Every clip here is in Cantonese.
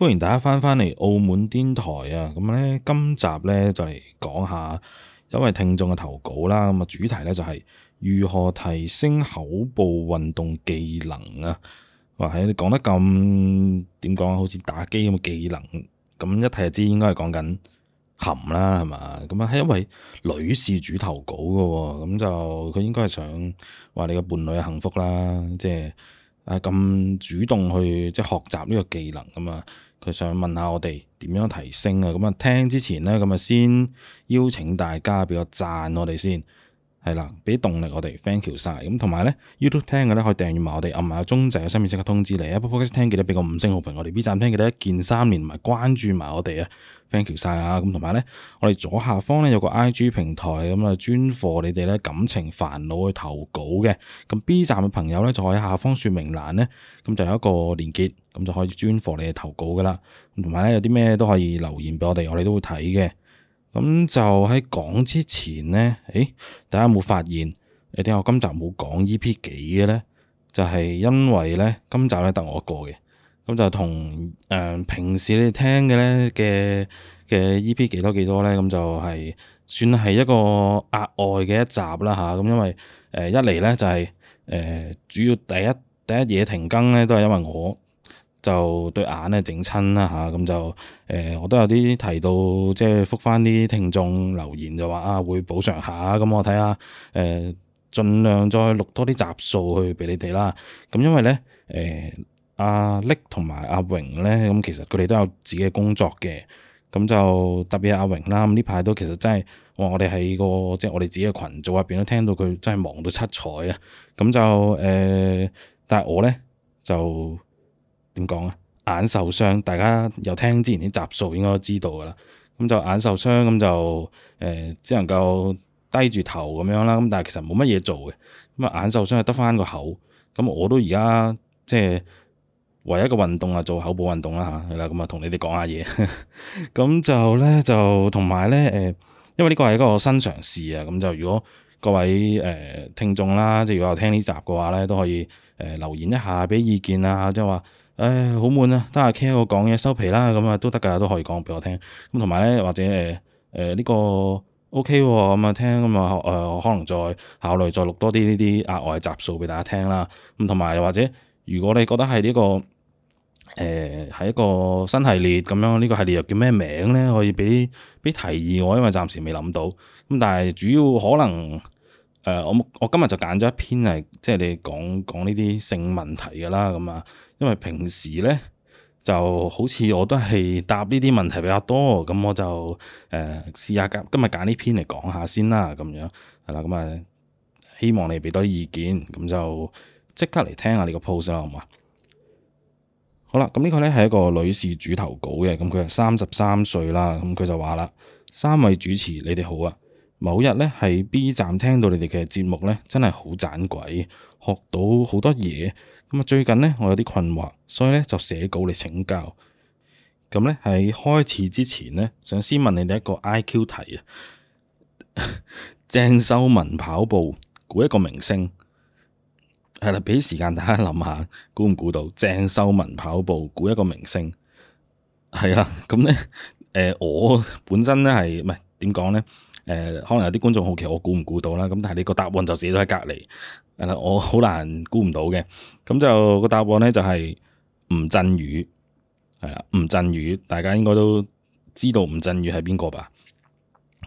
歡迎大家返返嚟澳門癲台啊！咁咧，今集咧就嚟講下，因為聽眾嘅投稿啦，咁啊主題咧就係如何提升口部運動技能啊！哇，係你講得咁點講啊？好似打機咁嘅技能，咁一睇，就知應該係講緊含啦，係嘛？咁啊係一位女事主投稿噶，咁就佢應該係想話你嘅伴侶嘅幸福啦，即係誒咁主動去即係學習呢個技能咁啊！佢想問下我哋點樣提升啊？咁啊聽之前呢，咁啊先邀請大家俾個讚我哋先。係啦，俾動力我哋 Thank you 晒，咁，同埋咧，YouTube 聽嘅咧可以訂閱埋我哋，暗埋鐘仔，有新片即刻通知你啊！Apple Podcast 聽記得俾個五星好評，我哋 B 站聽記得一鍵三連同埋關注埋我哋啊 Thank you 晒啊！咁同埋咧，我哋左下方咧有個 IG 平台咁啊，專課你哋咧感情煩惱去投稿嘅。咁 B 站嘅朋友咧，就可以下方說明欄咧，咁就有一個連結，咁就可以專課你哋投稿噶啦。同埋咧，有啲咩都可以留言俾我哋，我哋都會睇嘅。咁就喺講之前咧，誒，大家有冇發現誒點解我今集冇講 EP 幾嘅咧？就係、是、因為咧，今集咧得我一個嘅，咁就同誒、呃、平時你哋聽嘅咧嘅嘅 EP 幾多幾多咧，咁就係算係一個額外嘅一集啦嚇。咁、啊、因為誒、呃、一嚟咧就係、是、誒、呃、主要第一第一嘢停更咧都係因為我。就對眼咧整親啦嚇，咁就誒、呃、我都有啲提到，即係覆返啲聽眾留言就話啊會補償下，咁、嗯、我睇下誒，盡量再錄多啲集數去俾你哋啦。咁、嗯、因為咧誒、呃、阿力同埋阿榮咧，咁其實佢哋都有自己嘅工作嘅，咁、嗯、就特別阿榮啦，咁呢排都其實真係我哋喺個即係、就是、我哋自己嘅群組入邊都聽到佢真係忙到七彩啊，咁、嗯、就誒、呃，但係我咧就。點講啊？眼受傷，大家有聽之前啲集數，應該都知道噶啦。咁就眼受傷，咁就誒、呃，只能夠低住頭咁樣啦。咁但係其實冇乜嘢做嘅。咁啊，眼受傷係得翻個口。咁我都而家即係唯一個運動，運動啊，做口部運動啦吓。係啦，咁啊，同你哋講下嘢。咁就咧，就同埋咧，誒、呃，因為呢個係一個新嘗試啊。咁就如果各位誒、呃、聽眾啦，即係如果有聽呢集嘅話咧，都可以誒留言一下俾意見啊，即係話。唉，好悶啊！得阿 K 我講嘢收皮啦，咁啊都得噶，都可以講俾我聽。咁同埋咧，或者誒誒呢個 OK 咁啊聽咁啊誒，我、嗯呃、可能再考慮再錄多啲呢啲額外集數俾大家聽啦。咁同埋又或者，如果你覺得係呢、這個誒係、欸、一個新系列咁樣，呢、這個系列又叫咩名咧？可以俾俾提議我，因為暫時未諗到。咁但係主要可能誒、呃，我我今日就揀咗一篇係，即、就、係、是、你講講呢啲性問題噶啦，咁啊。因為平時咧就好似我都係答呢啲問題比較多，咁我就誒試下今今日揀呢篇嚟講下先啦，咁樣係啦，咁啊希望你俾多啲意見，咁就即刻嚟聽下你個 post 啦，好嘛？好啦，咁呢個咧係一個女士主投稿嘅，咁佢係三十三歲啦，咁佢就話啦，三位主持你哋好啊。某日咧，係 B 站聽到你哋嘅節目咧，真係好盞鬼，學到好多嘢。咁啊，最近咧我有啲困惑，所以咧就寫稿嚟請教。咁咧喺開始之前咧，想先問你哋一個 IQ 題啊。鄭 秀文跑步估一個明星，係啦，俾時間大家諗下估唔估到？鄭秀文跑步估一個明星，係啊。咁咧，誒、呃，我本身咧係唔係點講咧？誒，可能有啲觀眾好奇，我估唔估到啦？咁但係你個答案就寫咗喺隔籬，誒，我好難估唔到嘅。咁就、個答案咧就係、是、吳鎮宇，係啊，吳鎮宇，大家應該都知道吳鎮宇係邊個吧？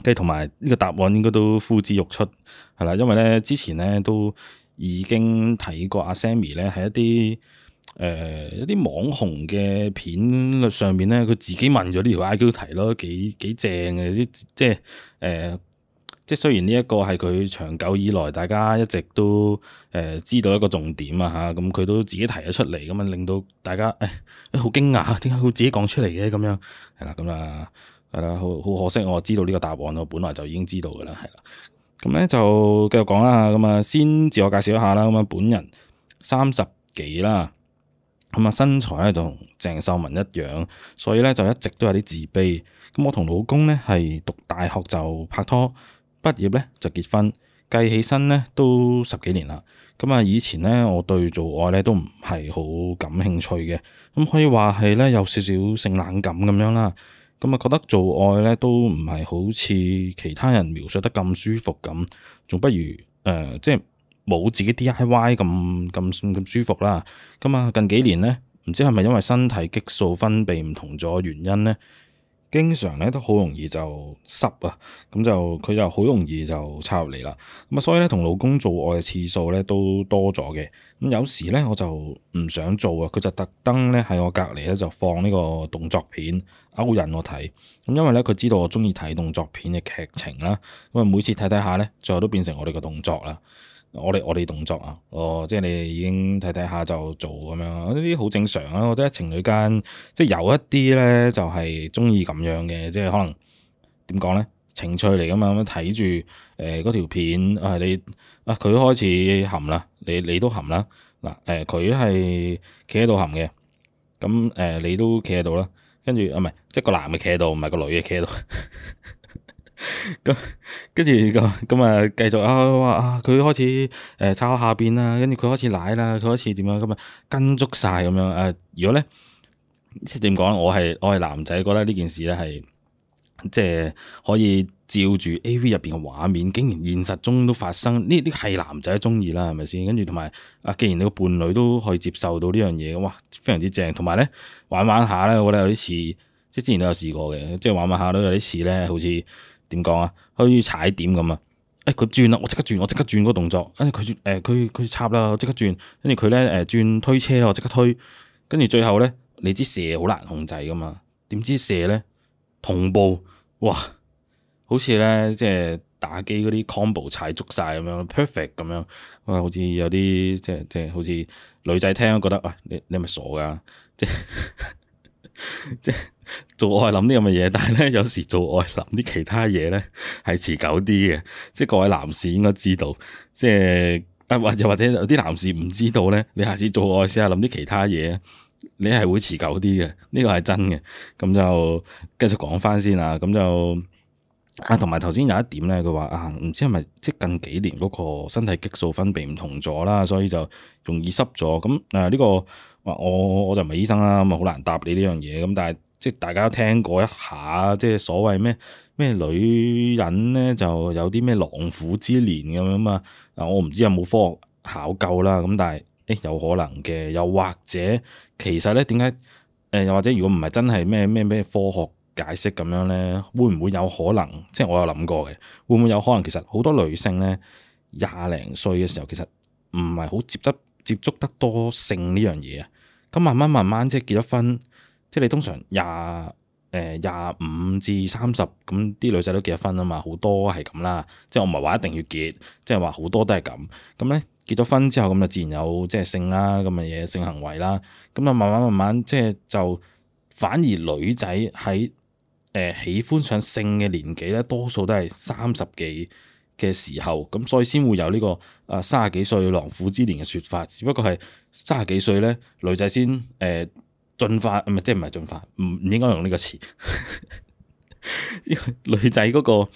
即係同埋呢個答案應該都呼之欲出，係啦，因為咧之前咧都已經睇過阿 Sammy 咧係一啲。誒、呃，一啲網紅嘅片上面咧，佢自己問咗呢條 I.Q 題咯，幾幾正嘅，即係誒、呃，即係雖然呢一個係佢長久以來大家一直都誒、呃、知道一個重點啊吓，咁佢都自己提咗出嚟，咁啊令到大家誒好、哎、驚訝，點解佢自己講出嚟嘅咁樣係啦？咁啊係啦，好好可惜，我知道呢個答案我本來就已經知道噶啦，係啦，咁咧就繼續講啦，咁啊先自我介紹一下啦，咁啊本人三十幾啦。咁啊身材咧就同鄭秀文一樣，所以咧就一直都有啲自卑。咁我同老公咧係讀大學就拍拖，畢業咧就結婚，計起身咧都十幾年啦。咁啊以前咧，我對做愛咧都唔係好感興趣嘅。咁可以話係咧有少少性冷感咁樣啦。咁啊覺得做愛咧都唔係好似其他人描述得咁舒服咁，仲不如誒、呃、即係。冇自己 D.I.Y. 咁咁咁舒服啦，咁啊近幾年咧，唔知係咪因為身體激素分泌唔同咗原因咧，經常咧都好容易就濕啊，咁就佢就好容易就插入嚟啦，咁啊所以咧同老公做愛嘅次數咧都多咗嘅，咁有時咧我就唔想做啊，佢就特登咧喺我隔離咧就放呢個動作片勾引我睇，咁因為咧佢知道我中意睇動作片嘅劇情啦，咁啊每次睇睇下咧，最後都變成我哋嘅動作啦。我哋我哋動作啊，哦，即係你已經睇睇下就做咁樣，呢啲好正常啊！我覺得情侶間即係有一啲咧就係中意咁樣嘅，即係可能點講咧？情趣嚟㗎嘛，睇住誒嗰條片啊，你啊佢開始含啦，你你都含啦，嗱誒佢係企喺度含嘅，咁、嗯、誒、呃、你都企喺度啦，跟住啊唔係，即係個男嘅企喺度，唔係個女嘅企喺度。 咁 跟住咁咁啊，繼續啊，哇啊，佢開始誒抄下邊啦，跟住佢開始舐啦，佢開始點樣咁啊，跟足晒咁樣誒。如果咧即係點講，我係我係男仔，覺得呢件事咧係即係可以照住 AV 入邊嘅畫面，竟然現實中都發生呢？呢啲係男仔中意啦，係咪先？跟住同埋啊，既然你個伴侶都可以接受到呢樣嘢嘅話，非常之正。同埋咧玩玩下咧，我覺得有啲似，即係之前都有試過嘅，即係玩玩下都有啲事咧，好似。點講啊？好似踩點咁啊！誒、哎，佢轉啦，我即刻轉，我即刻轉個動作。跟住佢誒，佢佢、呃、插啦，我即刻轉。跟住佢咧誒，轉推車咯，我即刻推。跟住最後咧，你知蛇好難控制噶嘛？點知蛇咧同步哇，好似咧即係打機嗰啲 combo 踩足晒咁樣 perfect 咁樣。哇，好似有啲即係即係，好似女仔聽都覺得喂、哎，你你係咪傻噶？即 即係 做愛諗啲咁嘅嘢，但係咧有時做愛諗啲其他嘢咧係持久啲嘅，即係各位男士應該知道，即係啊，或者或者有啲男士唔知道咧，你下次做愛試下諗啲其他嘢，你係會持久啲嘅，呢個係真嘅。咁就繼續講翻先啦，咁就啊，同埋頭先有一點咧，佢話啊，唔知係咪即係近幾年嗰個身體激素分泌唔同咗啦，所以就容易濕咗。咁啊呢個。我我就唔係醫生啦，咁啊好難答你呢樣嘢。咁但係即係大家都聽過一下，即係所謂咩咩女人咧，就有啲咩狼虎之年咁樣嘛。啊，我唔知有冇科學考究啦。咁但係誒有可能嘅，又或者其實咧，點解，誒又或者如果唔係真係咩咩咩科學解釋咁樣咧，會唔會有可能？即係我有諗過嘅，會唔會有可能其實好多女性咧，廿零歲嘅時候其實唔係好接得接觸得多性呢樣嘢啊？咁慢慢慢慢即係結咗婚，即係你通常廿誒廿五至三十，咁啲女仔都結咗婚啊嘛，好多係咁啦。即係我唔係話一定要結，即係話好多都係咁。咁咧結咗婚之後，咁就自然有即係性啦，咁嘅嘢性行為啦。咁啊慢慢慢慢即係就反而女仔喺誒喜歡上性嘅年紀咧，多數都係三十幾。嘅時候，咁所以先會有呢個啊三十幾歲狼虎之年嘅説法。只不過係三十幾歲咧，女仔先誒進化，唔係即係唔係進化，唔應該用呢個詞。 因為女仔嗰個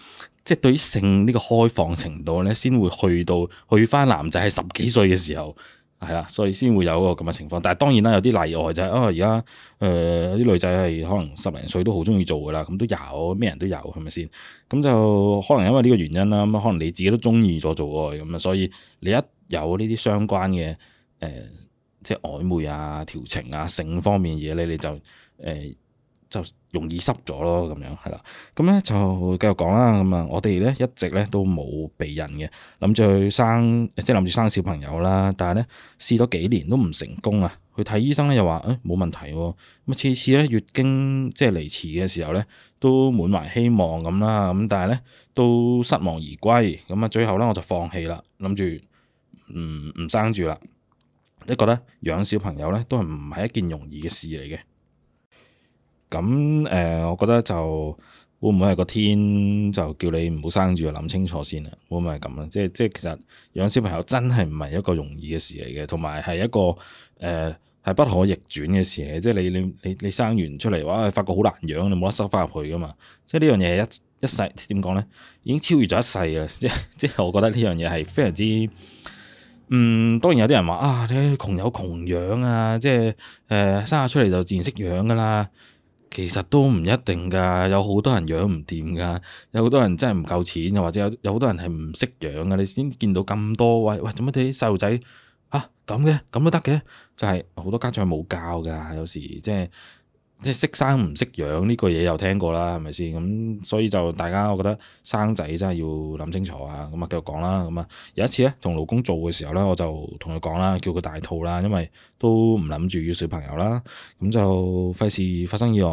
即係對於性呢個開放程度咧，先會去到去翻男仔係十幾歲嘅時候。係啦，所以先會有嗰個咁嘅情況。但係當然啦，有啲例外就係、是、哦，而家誒啲女仔係可能十零歲都好中意做噶啦，咁都有咩人都有，係咪先？咁就可能因為呢個原因啦，咁可能你自己都中意咗做愛咁啊，所以你一有呢啲相關嘅誒、呃，即係曖昧啊、調情啊、性方面嘅嘢，你你就誒。呃就容易濕咗咯，咁樣係啦。咁、嗯、咧就繼續講啦。咁、嗯、啊，我哋咧一直咧都冇避孕嘅，諗住去生，即係諗住生小朋友啦。但係咧試咗幾年都唔成功、哎、啊。去睇醫生咧又話誒冇問題喎。咁次次咧月經即係嚟遲嘅時候咧都滿懷希望咁啦。咁但係咧都失望而歸。咁、嗯、啊最後咧我就放棄啦，諗住唔唔生住啦。即係覺得養小朋友咧都係唔係一件容易嘅事嚟嘅。咁誒、呃，我覺得就會唔會係個天就叫你唔好生住，諗清楚先啦。會唔會係咁啊？即係即係其實養小朋友真係唔係一個容易嘅事嚟嘅，同埋係一個誒係、呃、不可逆轉嘅事嚟。即係你你你你生完出嚟嘅話，發覺好難養，你冇得收翻入去噶嘛。即係呢樣嘢一一世點講咧，已經超越咗一世啦！即即係我覺得呢樣嘢係非常之嗯，當然有啲人話啊，你窮有窮養啊，即係誒、呃、生下出嚟就自然識養噶啦。其實都唔一定㗎，有好多人養唔掂㗎，有好多人真係唔夠錢，又或者有有好多人係唔識養㗎，你先見到咁多，喂喂，做乜啲細路仔啊，咁嘅，咁都得嘅，就係、是、好多家長冇教㗎，有時即係。即係識生唔識養呢個嘢，又聽過啦，係咪先？咁所以就大家，我覺得生仔真係要諗清楚啊！咁啊，繼續講啦。咁啊，有一次咧，同老公做嘅時候咧，我就同佢講啦，叫佢戴套啦，因為都唔諗住要小朋友啦。咁就費事發生意外。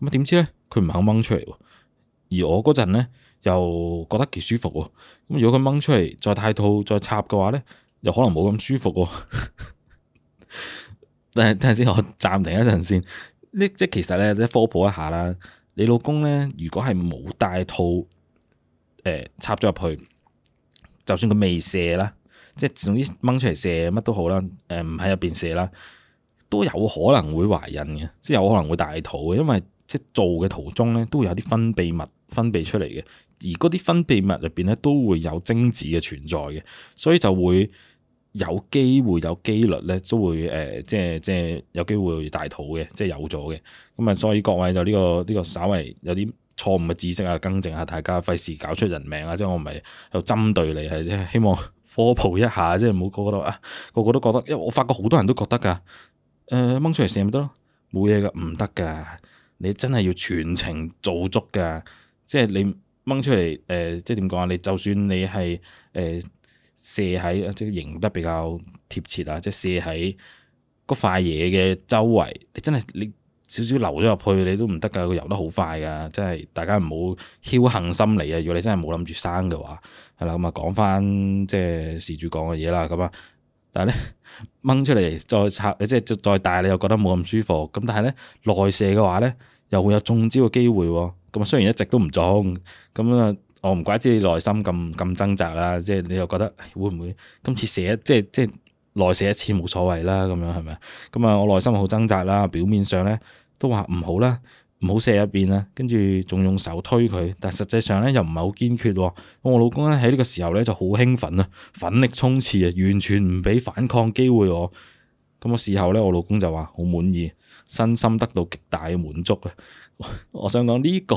咁啊，點知咧，佢唔肯掹出嚟。而我嗰陣咧，又覺得幾舒服。咁如果佢掹出嚟，再戴套，再插嘅話咧，又可能冇咁舒服。 等等陣先，我暫停一陣先。呢即係其實咧，即科普一下啦。你老公咧，如果係冇戴套，誒、呃、插咗入去，就算佢未射啦，即係總之掹出嚟射乜都好啦，誒唔喺入邊射啦，都有可能會懷孕嘅，即係有可能會大肚嘅，因為即係做嘅途中咧，都會有啲分泌物分泌出嚟嘅，而嗰啲分泌物入邊咧都會有精子嘅存在嘅，所以就會，有機會有機率咧，都會誒、呃，即係即係有機會大肚嘅，即係有咗嘅。咁啊，所以各位就呢、呢個呢、呢個稍為有啲錯誤嘅知識啊，更正下、啊、大家，費事搞出人命啊！即係我唔係又針對你，係即係希望科普一下，即係唔好覺得啊，個個都覺得，因為我發覺好多人都覺得噶，誒、呃、掹出嚟射咪得咯，冇嘢噶，唔得噶，你真係要全程做足噶，即係你掹出嚟誒、呃，即係點講啊？你就算你係誒。呃射喺即係形得比較貼切啊！即係射喺嗰塊嘢嘅周圍，你真係你少少流咗入去，你都唔得噶，佢游得好快噶，即係大家唔好僥倖心理啊！如果你真係冇諗住生嘅話，係啦，咁、嗯、啊講翻即係事主講嘅嘢啦，咁啊，但係咧掹出嚟再插，即係再大你又覺得冇咁舒服。咁但係咧內射嘅話咧，又會有中招嘅機會喎。咁啊雖然一直都唔中，咁啊。我唔怪之你內心咁咁掙扎啦，即係你又覺得會唔會今次射，即係即係內射一次冇所謂啦咁樣，係咪啊？咁啊，我內心好掙扎啦，表面上咧都話唔好啦，唔好射入邊啦，跟住仲用手推佢，但實際上咧又唔係好堅決。咁我老公咧喺呢個時候咧就好興奮啊，奮力衝刺啊，完全唔俾反抗機會我。咁我事後咧，我老公就話好滿意，身心得到極大嘅滿足啊！我想講呢個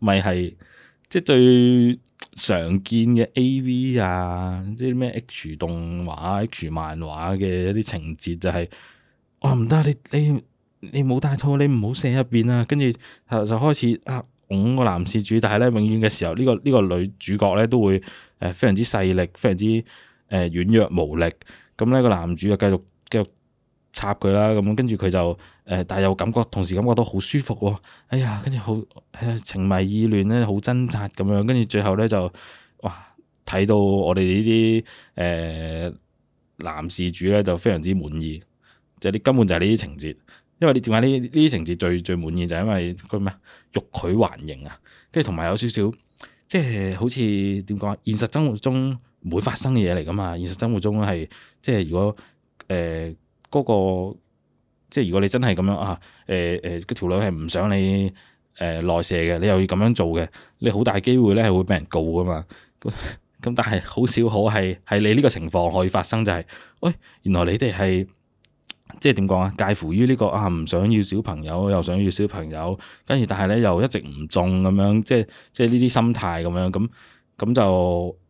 咪係。即係最常見嘅 AV 啊，即係咩 H 動畫、H 漫畫嘅一啲情節就係、是，哇唔得你你你冇戴套，你唔好射入面啊！跟住就開始啊，拱個男事主，但係咧永遠嘅時候，呢、這個呢、這個女主角咧都會誒非常之勢力，非常之誒軟、呃、弱無力，咁咧個男主就繼續繼續插佢啦，咁跟住佢就。誒，但係又感覺同時感覺到好舒服喎、啊，哎呀，跟住好情迷意亂咧，好掙扎咁樣，跟住最後咧就哇睇到我哋、呃、呢啲誒男事主咧就非常之滿意，就係你根本就係呢啲情節，因為你點解呢呢啲情節最最滿意就係因為佢咩欲拒還迎啊，跟住同埋有少少即係好似點講啊，現實生活中唔會發生嘅嘢嚟㗎嘛，現實生活中係即係如果誒嗰、呃嗰個。即係如果你真係咁樣啊，誒、呃、誒，條、呃、女係唔想你誒內、呃、射嘅，你又要咁樣做嘅，你好大機會咧係會俾人告噶嘛？咁 但係好少可係係你呢個情況可以發生，就係，就係喂，原來你哋係即係點講啊？介乎於呢、這個啊，唔想要小朋友，又想要小朋友，跟住但係咧又一直唔中咁樣，即係即係呢啲心態咁樣，咁咁就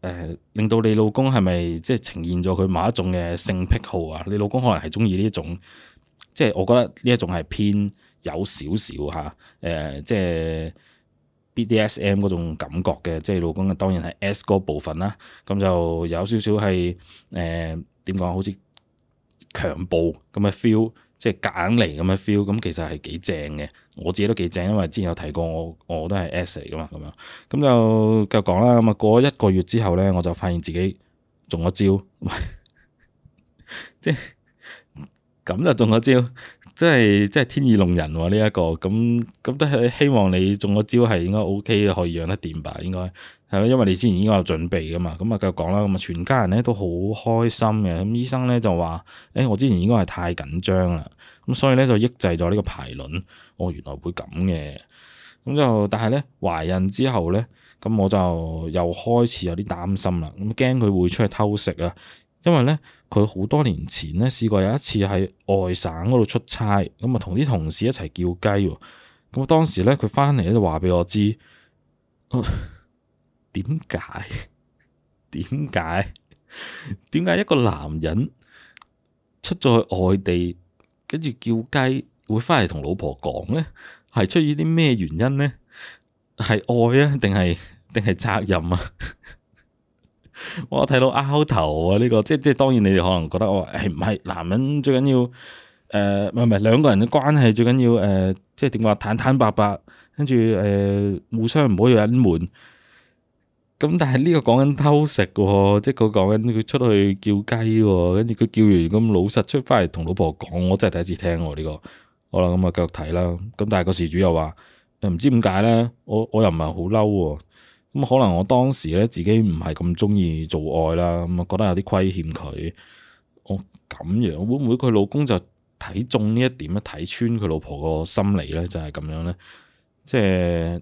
誒、呃、令到你老公係咪即係呈現咗佢某一種嘅性癖好啊？你老公可能係中意呢一種。即係我覺得呢一種係偏有少少吓，誒、呃，即係 BDSM 嗰種感覺嘅，即係老公啊，當然係 S 嗰部分啦。咁就有少少係誒點講、呃，好似強暴咁嘅 feel，即係夾硬嚟咁嘅 feel。咁其實係幾正嘅，我自己都幾正，因為之前有提過我我都係 S 嚟噶嘛，咁樣咁就繼續講啦。咁啊過咗一個月之後咧，我就發現自己中咗招， 即係。咁就中咗招，即係真係天意弄人喎、啊！呢一個咁咁都係希望你中咗招係應該 OK 嘅，可以養得掂吧？應該係咯，因為你之前應該有準備噶嘛。咁啊繼續講啦，咁啊全家人咧都好開心嘅。咁醫生咧就話：誒、欸、我之前應該係太緊張啦，咁所以咧就抑制咗呢個排卵。哦，原來會咁嘅。咁就但係咧懷孕之後咧，咁我就又開始有啲擔心啦。咁驚佢會出去偷食啊，因為咧。佢好多年前呢試過有一次喺外省嗰度出差，咁啊同啲同事一齊叫雞喎。咁當時呢，佢翻嚟咧就話俾我知，點解點解點解一個男人出咗去外地跟住叫雞會翻嚟同老婆講呢？係出於啲咩原因呢？係愛啊，定係定係責任啊？我睇到拗頭啊！呢、這個，即係即係，當然你哋可能覺得我誒，唔係男人最緊要誒，唔係唔係兩個人嘅關係最緊要誒、呃，即係點話坦坦白白，跟住誒互相唔好有隱瞞。咁但係呢個講緊偷食喎、啊，即係佢講緊佢出去叫雞喎、啊，跟住佢叫完咁老實出翻嚟，同老婆講，我真係第一次聽喎、啊、呢、這個。好啦，咁啊繼續睇啦。咁但係個事主又話又唔知點解咧，我我，我又唔係好嬲。咁可能我當時咧自己唔係咁中意做愛啦，咁啊覺得有啲虧欠佢。我、哦、咁樣會唔會佢老公就睇中呢一點咧？睇穿佢老婆個心理咧，就係咁樣咧。即係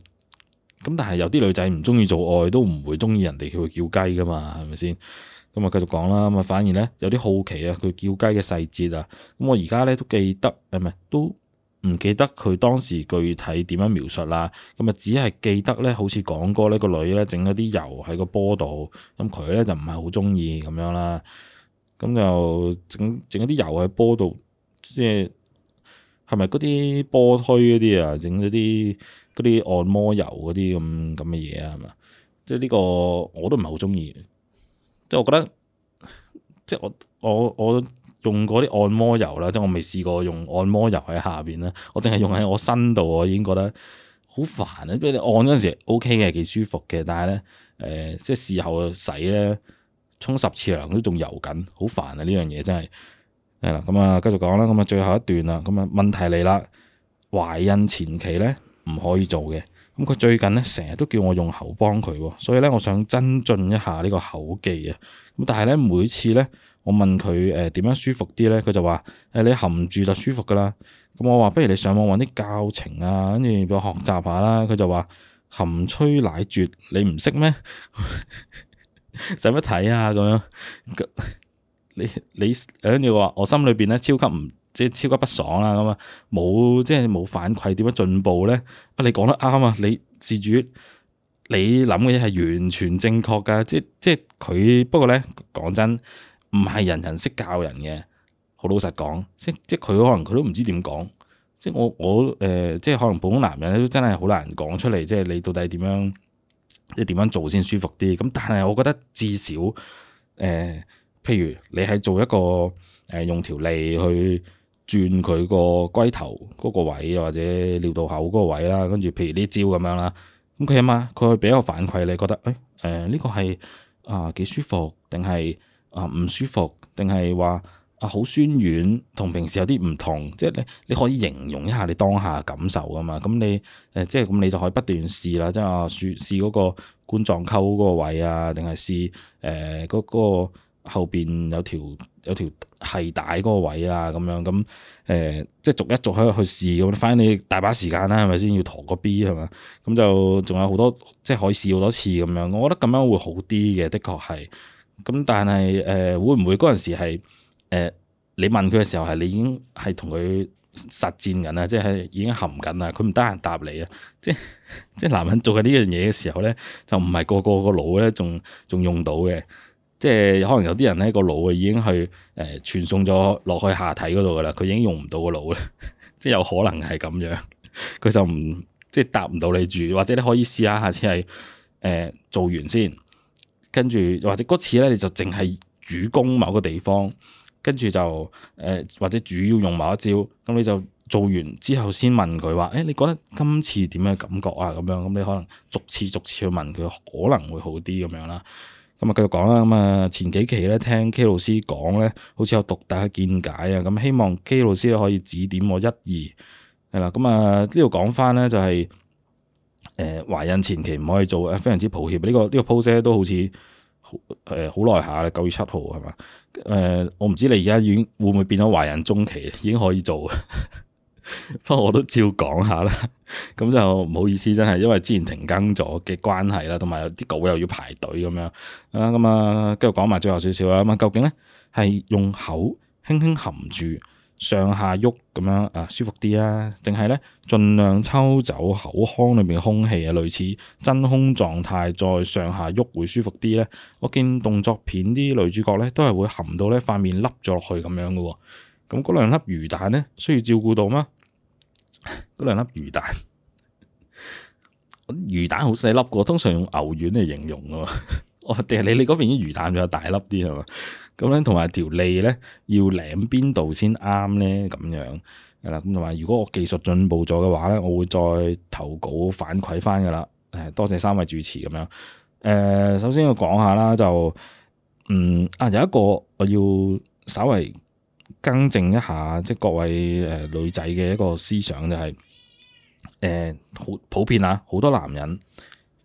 咁，但係有啲女仔唔中意做愛都唔會中意人哋叫佢叫雞噶嘛，係咪先？咁、嗯、啊繼續講啦。咁啊反而咧有啲好奇啊，佢叫雞嘅細節啊。咁、嗯、我而家咧都記得，唔係都。唔記得佢當時具體點樣描述啦，咁啊只係記得咧，好似講過呢個女咧整咗啲油喺個波度，咁佢咧就唔係好中意咁樣啦，咁就整整咗啲油喺波度，即係係咪嗰啲波推嗰啲啊，整咗啲嗰啲按摩油嗰啲咁咁嘅嘢啊，係嘛？即係呢個我都唔係好中意，即係我覺得，即係我我我，我我用嗰啲按摩油啦，即係我未試過用按摩油喺下邊咧，我淨係用喺我身度，我已經覺得好煩啊、OK 呃！即你按嗰陣時 O K 嘅，幾舒服嘅，但係咧，誒，即係事後洗咧，沖十次涼都仲油緊，好煩啊！呢樣嘢真係係啦，咁啊、嗯，繼續講啦，咁、嗯、啊，最後一段啦，咁啊，問題嚟啦，懷孕前期咧唔可以做嘅，咁、嗯、佢最近咧成日都叫我用口幫佢，所以咧我想增進一下呢個口技啊，咁但係咧每次咧。我問佢誒點樣舒服啲咧？佢就話誒、呃、你含住就舒服噶啦。咁我話不如你上網揾啲教程啊，跟住佢學習下啦。佢就話含吹奶絕，你唔識咩？使乜睇啊？咁樣， 你你跟住話我心裏邊咧超級唔即係超級不爽啦、啊。咁啊冇即係冇反饋，點樣進步咧？啊你講得啱啊！你自主你諗嘅嘢係完全正確㗎。即即係佢不過咧講真。唔係人人識教人嘅，好老實講，即即佢可能佢都唔知點講，即我我誒、呃、即可能普通男人咧都真係好難講出嚟，即你到底點樣即點樣做先舒服啲？咁但係我覺得至少誒、呃，譬如你係做一個誒、呃、用條脷去轉佢個龜頭嗰個位，或者尿道口嗰個位啦，跟住譬如呢招咁樣啦，咁佢吖嘛？佢畀個反饋你覺得誒誒呢個係啊幾舒服定係？啊，唔舒服定係話啊，好酸軟，同平時有啲唔同，即係你你可以形容一下你當下嘅感受㗎嘛。咁你誒、呃、即係咁，你就可以不斷試啦，即係話、啊、試試嗰個冠狀溝嗰個位啊，定係試誒嗰、呃嗰個後邊有條有條繫帶嗰個位啊，咁樣咁誒、呃，即係逐一逐去去試咁。反正你大把時間啦，係咪先要陀個 B 係嘛？咁就仲有好多即係可以試好多次咁樣，我覺得咁樣會好啲嘅，的確係。咁但係誒、呃、會唔會嗰陣時係、呃、你問佢嘅時候係你已經係同佢實戰緊啦，即係已經含緊啦，佢唔得閒答你啊！即係即係男人做緊呢樣嘢嘅時候咧，就唔係個個個腦咧，仲仲用到嘅。即係可能有啲人咧個腦已經去誒、呃、傳送咗落去下體嗰度噶啦，佢已經用唔到個腦啦。即係有可能係咁樣，佢就唔即係答唔到你住，或者你可以試下下次係誒、呃、做完先。跟住或者嗰次咧，你就淨係主攻某個地方，跟住就誒、呃、或者主要用某一招，咁你就做完之後先問佢話，誒你覺得今次點嘅感覺啊？咁樣咁你可能逐次逐次去問佢，可能會好啲咁樣啦。咁啊繼續講啦。咁、嗯、啊前幾期咧聽 K 老師講咧，好似有獨特嘅見解啊。咁、嗯、希望 K 老師咧可以指點我一二係啦。咁、嗯、啊講呢度講翻咧就係、是。誒懷孕前期唔可以做，非常之抱歉。呢、這個呢、這個 pose 都好似誒好耐下啦，九、呃、月七號係嘛？誒、呃、我唔知你而家已經會唔會變咗懷孕中期已經可以做， 不過我都照講下啦。咁 就唔好意思，真係因為之前停更咗嘅關係啦，同埋有啲稿又要排隊咁樣啊。咁啊，跟住講埋最後少少啦。咁啊，究竟咧係用口輕輕含住？上下喐咁樣啊，舒服啲啊，定係呢？儘量抽走口腔裏面空氣啊，類似真空狀態，再上下喐會舒服啲咧。我見動作片啲女主角呢，都係會含到咧塊面凹咗落去咁樣噶喎。咁嗰兩粒魚蛋呢，需要照顧到嗎？嗰兩粒魚蛋，魚蛋好細粒噶，通常用牛丸嚟形容噶喎。定 係你，你嗰邊啲魚蛋有大粒啲係嘛？咁咧，同埋條脷咧要舐邊度先啱咧？咁樣係啦。咁同埋，如果我技術進步咗嘅話咧，我會再投稿反饋翻㗎啦。誒，多謝三位主持咁樣。誒、呃，首先要講下啦，就嗯啊，有一個我要稍微更正一下，即係各位誒、呃、女仔嘅一個思想就係誒好普遍啊，好多男人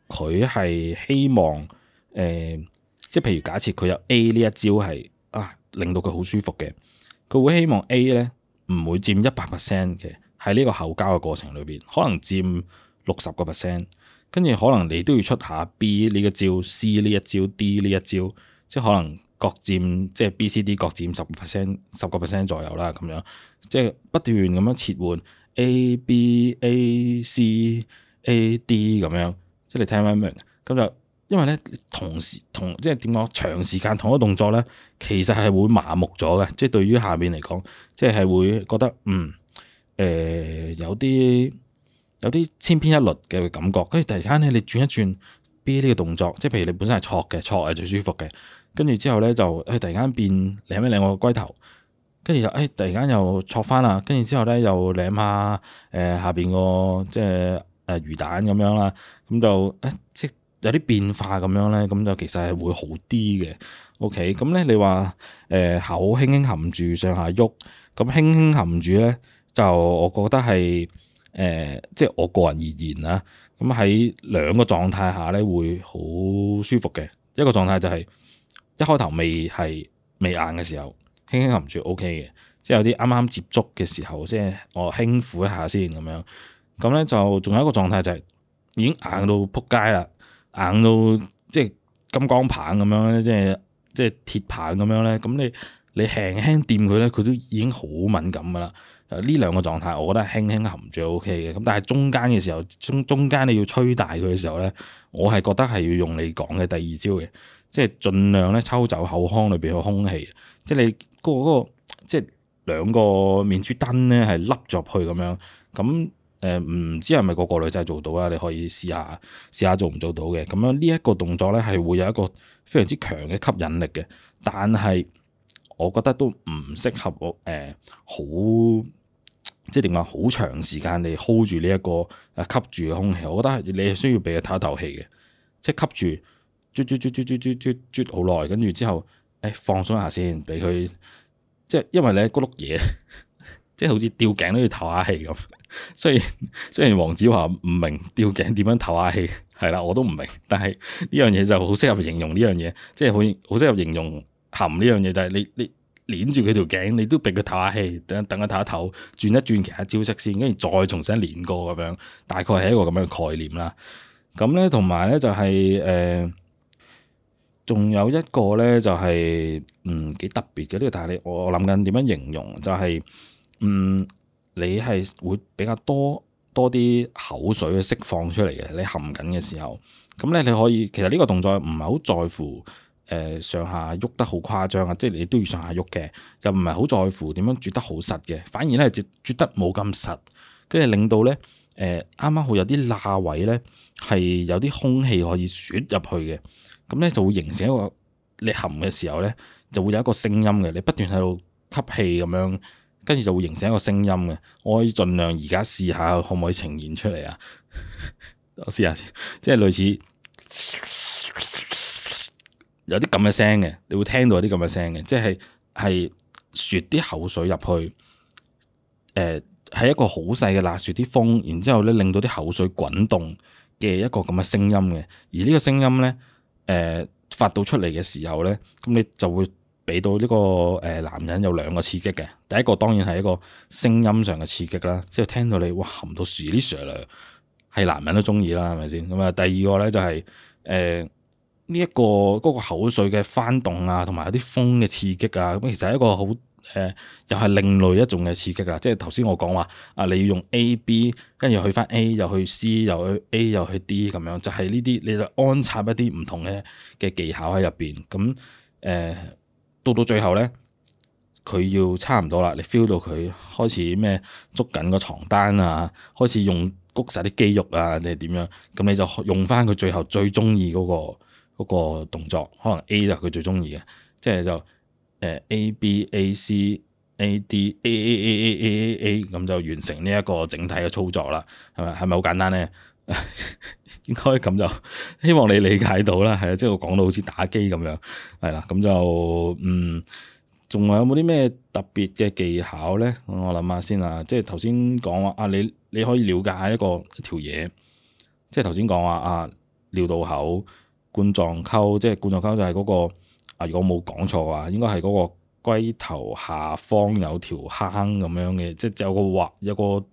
佢係希望誒。呃即係譬如，假設佢有 A 呢一招係啊，令到佢好舒服嘅，佢會希望 A 咧唔會佔一百 percent 嘅，喺呢個口交嘅過程裏邊，可能佔六十個 percent，跟住可能你都要出下 B 呢個招、C 呢一招、D 呢一招，即係可能各佔即係 B、C、D 各佔十個 percent、十個 percent 左右啦，咁樣即係不斷咁樣切換 A、B、A、C、A、D 咁樣，即係你聽明唔明？咁就。因為咧，同時同即係點講，長時間同一個動作咧，其實係會麻木咗嘅。即係對於下邊嚟講，即係會覺得嗯誒、呃，有啲有啲千篇一律嘅感覺。跟住突然間咧，你轉一轉 B 呢個動作，即係譬如你本身係坐嘅，坐係最舒服嘅。跟住之後咧，就誒突然間變舐一舐個龜頭，跟住就，誒突然間又坐翻啦。跟住之後咧，又、呃、舐下誒下邊個即係誒、啊、魚蛋咁樣啦。咁就誒即有啲變化咁樣咧，咁就其實係會好啲嘅。OK，咁咧你話誒、呃、口輕輕含住上下喐，咁輕輕含住咧就我覺得係誒、呃、即係我個人而言啦。咁喺兩個狀態下咧會好舒服嘅。一個狀態就係、是、一開頭未係未硬嘅時候，輕輕含住 OK 嘅。即係有啲啱啱接觸嘅時候，即係我輕撫一下先咁樣。咁咧就仲有一個狀態就係、是、已經硬到撲街啦。硬到即係金剛棒咁樣咧，即係即係鐵棒咁樣咧，咁你你輕輕掂佢咧，佢都已經好敏感㗎喇。呢兩個狀態，我覺得輕輕含住 OK 嘅，咁但係中間嘅時候，中中間你要吹大佢嘅時候咧，我係覺得係要用你講嘅第二招嘅，即係盡量咧抽走口腔裏邊嘅空氣，即係你嗰、嗰個、嗰個、即係兩個面珠墩咧係凹咗去咁樣咁。誒，唔知係咪個個女仔做到啊？你可以試下，試下做唔做到嘅？咁樣呢一個動作咧，係會有一個非常之強嘅吸引力嘅。但係我覺得都唔適合我誒，好即係點講？好長時間你 hold 住呢一個吸住嘅空氣，我覺得你係需要俾佢唞一唞氣嘅，即係吸住啜啜啜啜啜啜啜好耐，跟住之後誒放鬆下先，俾佢即係，因為你喺咕碌嘢，即係好似吊頸都要唞下氣咁。雖然雖然黃子華唔明吊頸點樣唞下氣，係啦，我都唔明。但係呢樣嘢就好適合形容呢樣嘢，即係好好適合形容含呢樣嘢，就係、是、你你捻住佢條頸，你都俾佢唞下氣，等等佢唞一唞，轉一轉其他招式先，跟住再重新練過咁樣，大概係一個咁樣嘅概念啦。咁咧，同埋咧就係、是、誒，仲、呃、有一個咧就係、是呃就是、嗯幾特別嘅呢、這個，但係我諗緊點樣形容，就係、是、嗯。你係會比較多多啲口水嘅釋放出嚟嘅，你含緊嘅時候，咁、嗯、咧你可以其實呢個動作唔係好在乎誒、呃、上下喐得好誇張啊，即係你都要上下喐嘅，又唔係好在乎點樣啜得好實嘅，反而咧啜啜得冇咁實，跟住令到咧誒啱啱好有啲罅位咧係有啲空氣可以啜入去嘅，咁、嗯、咧就會形成一個你含嘅時候咧就會有一個聲音嘅，你不斷喺度吸氣咁樣。跟住就會形成一個聲音嘅，我可以盡量而家試下，可唔可以呈現出嚟啊？ 我試下先，即係類似有啲咁嘅聲嘅，你會聽到有啲咁嘅聲嘅，即係係雪啲口水入去，誒、呃、係一個好細嘅啦，雪啲風，然之後咧令到啲口水滾動嘅一個咁嘅聲音嘅，而呢個聲音咧，誒、呃、發到出嚟嘅時候咧，咁你就會，俾到呢個誒男人有兩個刺激嘅，第一個當然係一個聲音上嘅刺激啦，即係聽到你哇含到屎 s i z z 係男人都中意啦，係咪先？咁啊，第二個咧就係誒呢一個嗰、這個口水嘅翻動啊，同埋有啲風嘅刺激啊，咁其實係一個好誒、呃，又係另類一種嘅刺激啦。即係頭先我講話啊，你要用 A、B，跟住去翻 A，又去 C，又去 A，又去 D 咁樣，就係呢啲你就安插一啲唔同嘅嘅技巧喺入邊，咁誒。呃。到到最後咧，佢要差唔多啦，你 feel 到佢開始咩捉緊個床單啊，開始用谷晒啲肌肉啊定係點樣，咁你就用翻佢最後最中意嗰個嗰個動作，可能 A 就係佢最中意嘅，即係就誒 A B A C A D A A A A A A 咁就完成呢一個整體嘅操作啦，係咪係咪好簡單咧？ 應該咁就希望你理解到啦，係啊、嗯，即係我講到好似打機咁樣，係啦，咁就嗯，仲有冇啲咩特別嘅技巧咧？我諗下先啊，即係頭先講話啊，你你可以了解一個條嘢，即係頭先講話啊，尿道口、冠狀溝，即係冠狀溝就係嗰、嗰個啊，如果冇講錯啊，應該係嗰個龜頭下方有條坑咁樣嘅，即係有個劃，有個誒、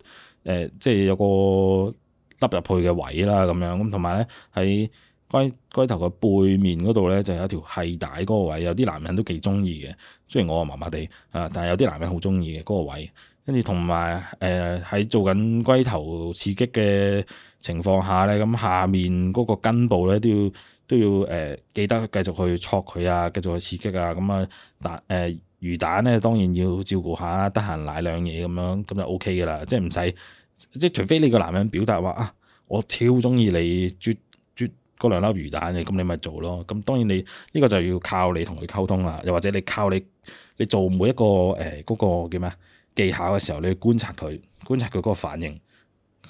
呃，即係有個。笠入去嘅位啦，咁樣，咁同埋咧，喺龜龜頭嘅背面嗰度咧，就有一條係帶嗰個位，有啲男人都幾中意嘅。雖然我麻麻地啊，但係有啲男人好中意嘅嗰個位。跟住同埋誒喺做緊龜頭刺激嘅情況下咧，咁下面嗰個根部咧都要都要誒記得繼續去戳佢啊，繼續去刺激啊。咁啊，蛋誒魚蛋咧當然要照顧下，得閒奶兩嘢咁樣，咁就 O K 嘅啦，即係唔使。即係除非你個男人表達話啊，我超中意你啜啜嗰兩粒魚蛋你，咁你咪做咯。咁當然你呢、這個就要靠你同佢溝通啦，又或者你靠你你做每一個誒嗰、欸那個叫咩技巧嘅時候，你去觀察佢，觀察佢嗰個反應，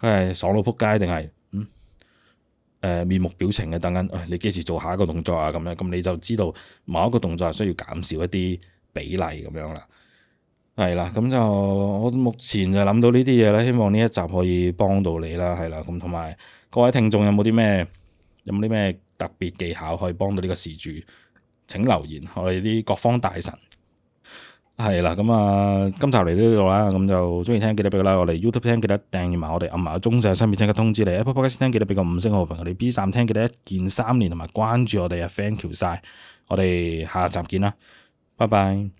佢係爽到撲街定係嗯誒、呃、面目表情嘅等緊，誒、哎、你幾時做下一個動作啊咁樣，咁你就知道某一個動作係需要減少一啲比例咁樣啦。係啦，咁就我目前就諗到呢啲嘢啦，希望呢一集可以幫到你啦，係啦，咁同埋各位聽眾有冇啲咩，有冇啲咩特別技巧可以幫到呢個事主，請留言，我哋啲各方大神，係啦，咁啊，今集嚟到呢度啦，咁就中意聽記得俾個 like 啦，我哋 YouTube 聽記得訂閱埋我哋，暗埋鐘就係順便請通知你，Apple Podcast 聽記得俾個五星好評，我哋 B 站聽記得一鍵三連同埋關注我哋啊。Thank you 晒，我哋下集見啦，拜拜。